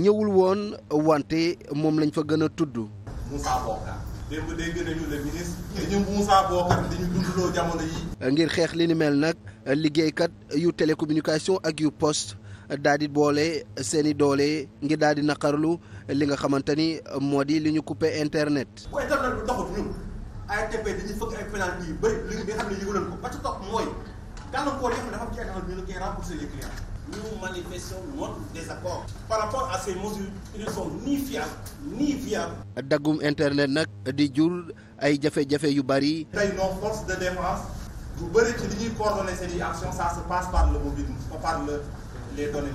ñëwul woon wante moom lañ fa gën a tudd. Moussa Bokar dañu dundaloo jamono yi. ngir xeex li ni mel nag liggéeykat yu télécommunication ak yu poste daal boole seeni doole ngir daal di naqarlu li nga xamante ni moo di li ñu coupé internet. ku internet bi doxut ñun ARTP dañuy fëgg ay pénalité yu internet nous manifestons ni fiables ni viables. daggum internet nag di jur ay jafe-jafe yu bari. tey nos forces de défense bu bëri ci li ñuy coordonner seen i actions ça se passe par le mobile par le les données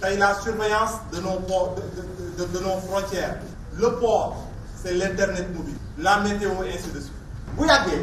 tey la surveillance de nos frontières. le port c'est l'internet mobile. la météo et bu yàggee.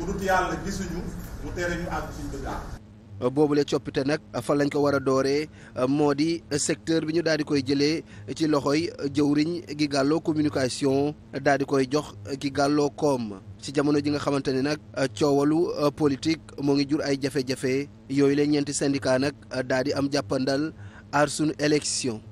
bu dut yàlla gisuñu mu tere ñu àgg suñ bëgg boobule coppite nag fan lañ ko war a dooree moo di secteur bi ñu daal di koy jëlee ci loxoy jëwriñ gi gàlloo communication daal di koy jox gi gàlloo koom ci jamono ji nga xamante ne nag coowalu politique moo ngi jur ay jafe-jafe yooyu leen ñeenti syndicat nag daal di am jàppandal aar sunu élection